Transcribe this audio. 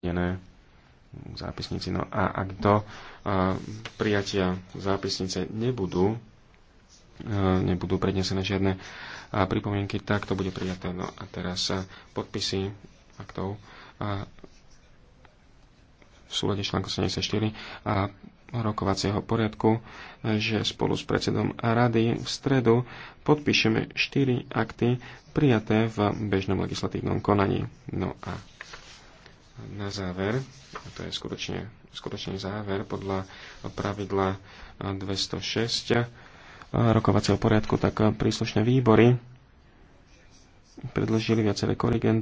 uvedené zápisnici. No a ak do e, prijatia zápisnice nebudú, e, nebudú prednesené žiadne e, pripomienky, tak to bude prijaté. No a teraz podpisy aktov v súlade článku 74 a rokovacieho poriadku, že spolu s predsedom rady v stredu podpíšeme 4 akty prijaté v bežnom legislatívnom konaní. No a na záver, a to je skutočne, skutočne záver podľa pravidla 206 eh, rokovacieho poriadku, tak eh, príslušné výbory predložili viaceré korigendy.